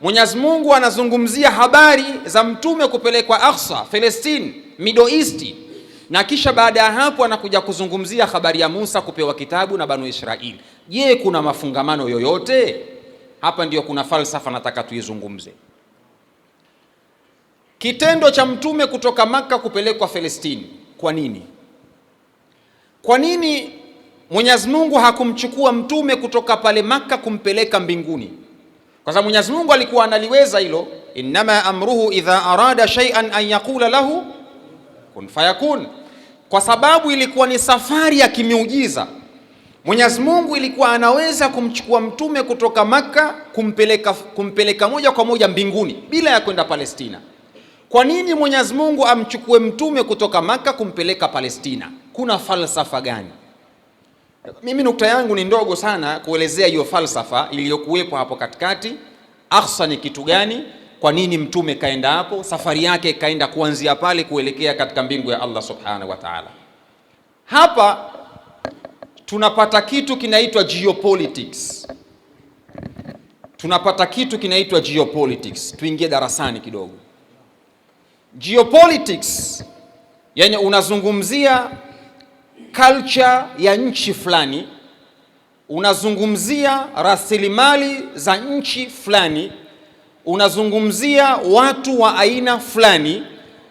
Mwenyezi Mungu anazungumzia habari za mtume kupelekwa Aqsa, Palestine, Middle East, na kisha baada ya hapo anakuja kuzungumzia habari ya Musa kupewa kitabu na Banu Israili. Je, kuna mafungamano yoyote? Hapa ndiyo kuna falsafa nataka tuizungumze. Kitendo cha mtume kutoka Makka kupelekwa Palestine, kwa nini? Kwa nini Mwenyezi Mungu hakumchukua mtume kutoka pale Makka kumpeleka mbinguni? kwa sababu Mwenyezi Mungu alikuwa analiweza hilo. Innama amruhu idha arada shay'an an yaqula lahu kun fayakun, kwa sababu ilikuwa ni safari ya kimiujiza. Mwenyezi Mungu ilikuwa anaweza kumchukua mtume kutoka Makka kumpeleka, kumpeleka moja kwa moja mbinguni bila ya kwenda Palestina. Kwa nini Mwenyezi Mungu amchukue mtume kutoka Makka kumpeleka Palestina? Kuna falsafa gani? Mimi nukta yangu ni ndogo sana kuelezea hiyo falsafa iliyokuwepo hapo katikati. Akhsa ni kitu gani? Kwa nini mtume kaenda hapo? Safari yake kaenda kuanzia pale kuelekea katika mbingu ya Allah subhanahu wa ta'ala. Hapa tunapata kitu kinaitwa geopolitics, tunapata kitu kinaitwa geopolitics. Tuingie darasani kidogo. Geopolitics yani unazungumzia culture ya nchi fulani, unazungumzia rasilimali za nchi fulani, unazungumzia watu wa aina fulani,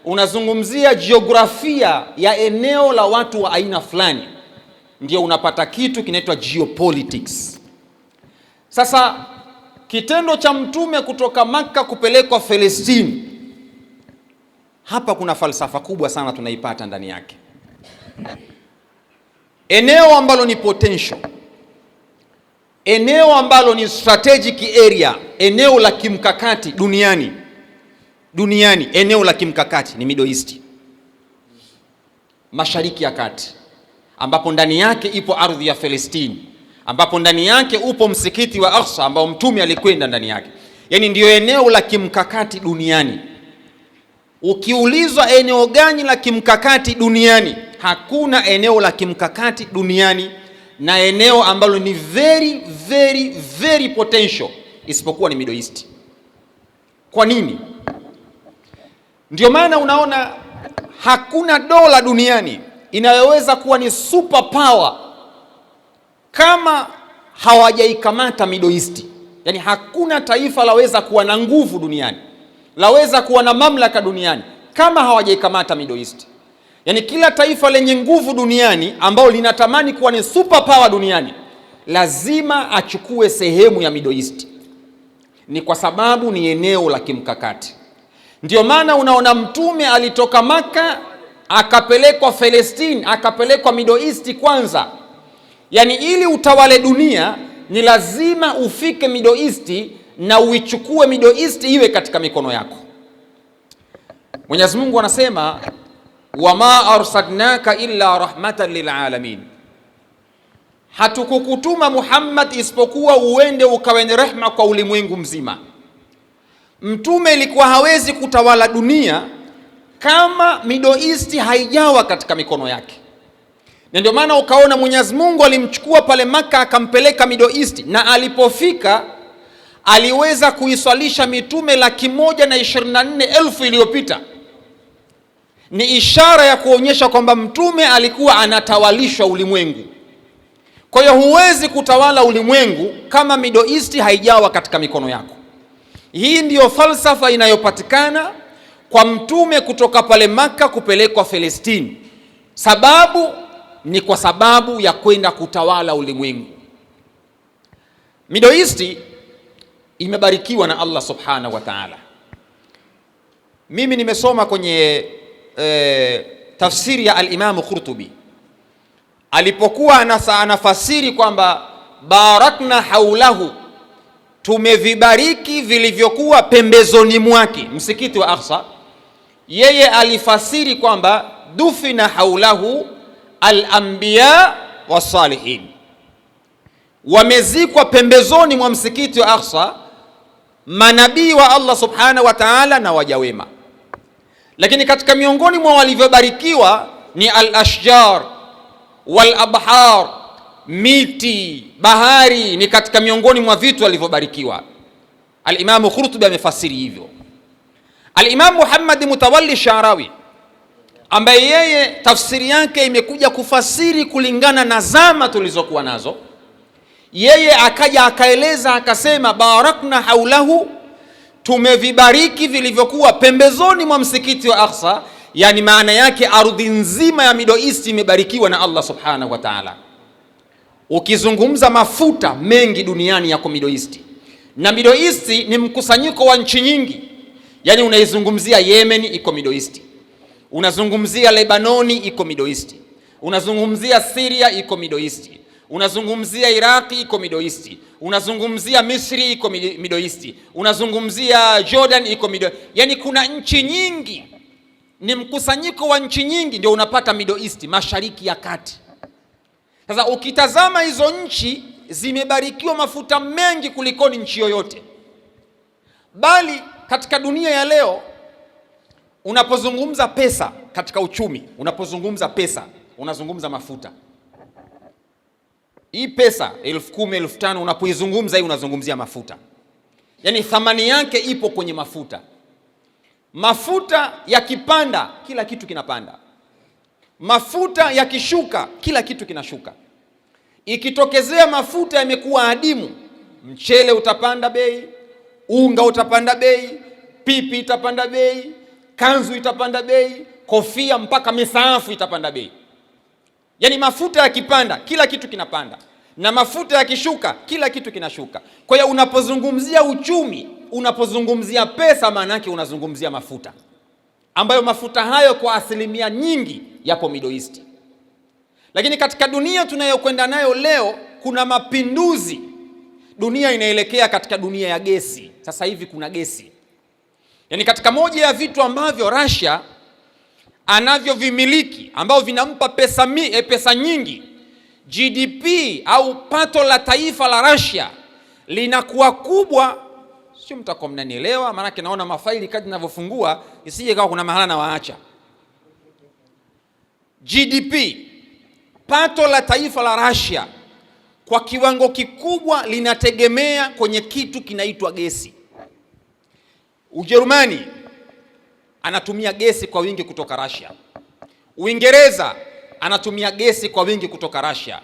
unazungumzia jiografia ya eneo la watu wa aina fulani, ndio unapata kitu kinaitwa geopolitics. Sasa kitendo cha mtume kutoka Makka kupelekwa Felestini, hapa kuna falsafa kubwa sana tunaipata ndani yake eneo ambalo ni potential, eneo ambalo ni strategic area, eneo la kimkakati duniani duniani, eneo la kimkakati ni Middle East, Mashariki ya Kati, ambapo ndani yake ipo ardhi ya Palestine, ambapo ndani yake upo msikiti wa Aqsa ambao mtume alikwenda ndani yake. Yaani ndiyo eneo la kimkakati duniani. Ukiulizwa eneo gani la kimkakati duniani hakuna eneo la kimkakati duniani na eneo ambalo ni very very very potential isipokuwa ni Middle East. Kwa nini? Ndio maana unaona hakuna dola duniani inayoweza kuwa ni super power kama hawajaikamata Middle East. Yaani hakuna taifa laweza kuwa na nguvu duniani laweza kuwa na mamlaka duniani kama hawajaikamata Middle East. Yaani kila taifa lenye nguvu duniani ambalo linatamani kuwa ni super power duniani lazima achukue sehemu ya Middle East. Ni kwa sababu ni eneo la kimkakati. Ndio maana unaona mtume alitoka Maka akapelekwa Palestine, akapelekwa Middle East kwanza. Yaani ili utawale dunia ni lazima ufike Middle East na uichukue Middle East iwe katika mikono yako. Mwenyezi Mungu anasema wama arsalnaka illa rahmatan lilalamin, hatukukutuma Muhammad isipokuwa uende ukawe ni rehma kwa ulimwengu mzima. Mtume ilikuwa hawezi kutawala dunia kama Middle East haijawa katika mikono yake, na ndio maana ukaona Mwenyezi Mungu alimchukua pale Maka akampeleka Middle East, na alipofika aliweza kuiswalisha mitume laki moja na ishirini na nne elfu iliyopita ni ishara ya kuonyesha kwamba mtume alikuwa anatawalishwa ulimwengu. Kwa hiyo huwezi kutawala ulimwengu kama Middle East haijawa katika mikono yako. Hii ndiyo falsafa inayopatikana kwa mtume kutoka pale Maka kupelekwa Felestini. Sababu ni kwa sababu ya kwenda kutawala ulimwengu. Middle East imebarikiwa na Allah subhanahu wa taala. Mimi nimesoma kwenye Eh, tafsiri ya alimamu Qurtubi alipokuwa anafasiri kwamba barakna haulahu, tumevibariki vilivyokuwa pembezoni mwake, msikiti wa Aqsa. Yeye alifasiri kwamba dufina haulahu alambiya wasalihin, wamezikwa pembezoni mwa msikiti wa Aqsa manabii wa Allah subhanahu wa ta'ala na wajawema lakini katika miongoni mwa walivyobarikiwa ni al-ashjar wal-abhar, miti, bahari ni katika miongoni mwa vitu walivyobarikiwa. Al-Imam Khurtubi amefasiri hivyo. Al-Imam Muhammad Mutawalli Sharawi ambaye yeye tafsiri yake imekuja kufasiri kulingana na zama tulizokuwa nazo, yeye akaja akaeleza akasema, barakna haulahu tumevibariki vilivyokuwa pembezoni mwa msikiti wa Aqsa, yani maana yake ardhi nzima ya Middle East imebarikiwa na Allah subhanahu wa ta'ala. Ukizungumza mafuta mengi duniani yako Middle East, na Middle East ni mkusanyiko wa nchi nyingi, yani unaizungumzia Yemen iko Middle East, unazungumzia Lebanoni iko Middle East, unazungumzia Syria iko Middle East unazungumzia Iraqi iko midoisti, unazungumzia Misri iko midoisti, unazungumzia Jordan iko Middle Yani kuna nchi nyingi, ni mkusanyiko wa nchi nyingi ndio unapata midoisti, Mashariki ya Kati. Sasa ukitazama hizo nchi zimebarikiwa mafuta mengi kulikoni nchi yoyote, bali katika dunia ya leo unapozungumza pesa katika uchumi, unapozungumza pesa unazungumza mafuta hii pesa elfu kumi elfu tano unapoizungumza hii unazungumzia mafuta, yaani thamani yake ipo kwenye mafuta. Mafuta yakipanda kila kitu kinapanda, mafuta yakishuka kila kitu kinashuka. Ikitokezea mafuta yamekuwa adimu, mchele utapanda bei, unga utapanda bei, pipi itapanda bei, kanzu itapanda bei, kofia mpaka misaafu itapanda bei. Yaani mafuta yakipanda kila kitu kinapanda na mafuta yakishuka kila kitu kinashuka. Kwa hiyo unapozungumzia uchumi, unapozungumzia pesa, maana yake unazungumzia mafuta ambayo mafuta hayo kwa asilimia nyingi yapo Middle East. Lakini katika dunia tunayokwenda nayo leo kuna mapinduzi. Dunia inaelekea katika dunia ya gesi. Sasa hivi kuna gesi, yaani katika moja ya vitu ambavyo Russia anavyovimiliki ambao vinampa pesa, mi, e pesa nyingi. GDP au pato la taifa la Russia linakuwa kubwa, sio? Mtakuwa mnanielewa, maanake naona mafaili kadri ninavyofungua, isije kawa kuna mahala na waacha. GDP pato la taifa la Russia kwa kiwango kikubwa linategemea kwenye kitu kinaitwa gesi. Ujerumani anatumia gesi kwa wingi kutoka Russia. Uingereza anatumia gesi kwa wingi kutoka Russia.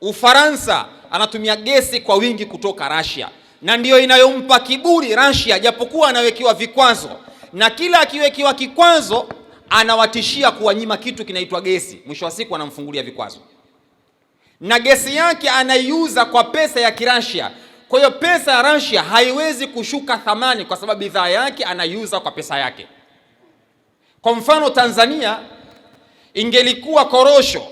Ufaransa anatumia gesi kwa wingi kutoka Russia, na ndiyo inayompa kiburi Russia, japokuwa anawekewa vikwazo, na kila akiwekewa kikwazo anawatishia kuwanyima kitu kinaitwa gesi. Mwisho wa siku anamfungulia vikwazo, na gesi yake anaiuza kwa pesa ya Kirashia. Kwa hiyo pesa ya Russia haiwezi kushuka thamani, kwa sababu bidhaa yake anaiuza kwa pesa yake. Kwa mfano, Tanzania ingelikuwa korosho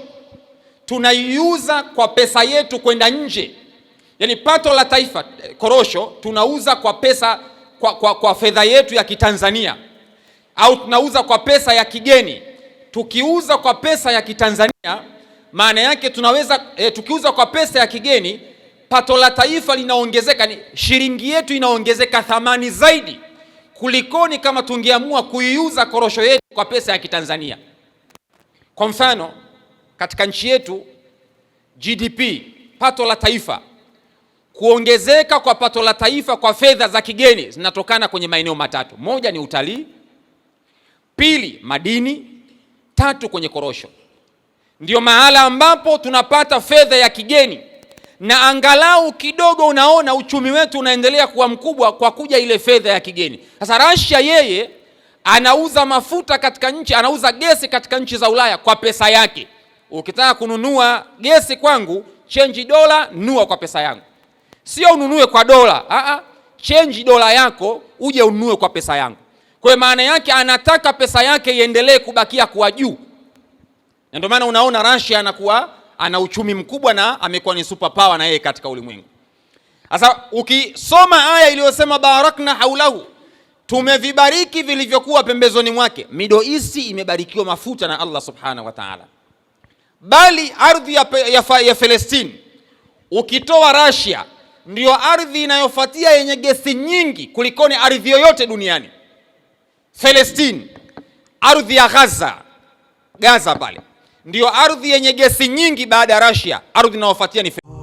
tunaiuza kwa pesa yetu kwenda nje, yaani pato la taifa korosho tunauza kwa pesa kwa, kwa, kwa fedha yetu ya Kitanzania au tunauza kwa pesa ya kigeni. Tukiuza kwa pesa ya Kitanzania maana yake tunaweza e, tukiuza kwa pesa ya kigeni pato la taifa linaongezeka, ni shilingi yetu inaongezeka thamani zaidi kulikoni kama tungeamua kuiuza korosho yetu kwa pesa ya Kitanzania. Kwa mfano, katika nchi yetu GDP, pato la taifa, kuongezeka kwa pato la taifa kwa fedha za kigeni zinatokana kwenye maeneo matatu: moja ni utalii, pili madini, tatu kwenye korosho. Ndiyo mahala ambapo tunapata fedha ya kigeni na angalau kidogo unaona uchumi wetu unaendelea kuwa mkubwa kwa kuja ile fedha ya kigeni. Sasa Russia yeye anauza mafuta katika nchi, anauza gesi katika nchi za Ulaya kwa pesa yake. Ukitaka kununua gesi kwangu, chenji dola, nua kwa pesa yangu, sio ununue kwa dola. Aa, chenji dola yako uje ununue kwa pesa yangu. Kwa maana yake anataka pesa yake iendelee kubakia kuwa juu, na ndio maana unaona Russia anakuwa ana uchumi mkubwa na amekuwa ni super power na yeye katika ulimwengu. Sasa ukisoma aya iliyosema barakna haulahu, tumevibariki vilivyokuwa pembezoni mwake. Middle East imebarikiwa mafuta na Allah subhanahu wa ta'ala, bali ardhi ya, ya, ya Palestine ukitoa Russia ndiyo ardhi inayofuatia yenye gesi nyingi kulikoni ardhi yoyote duniani. Palestine, ardhi ya Gaza, Gaza pale ndiyo ardhi yenye gesi nyingi baada ya Russia. Ardhi inayofuatia ni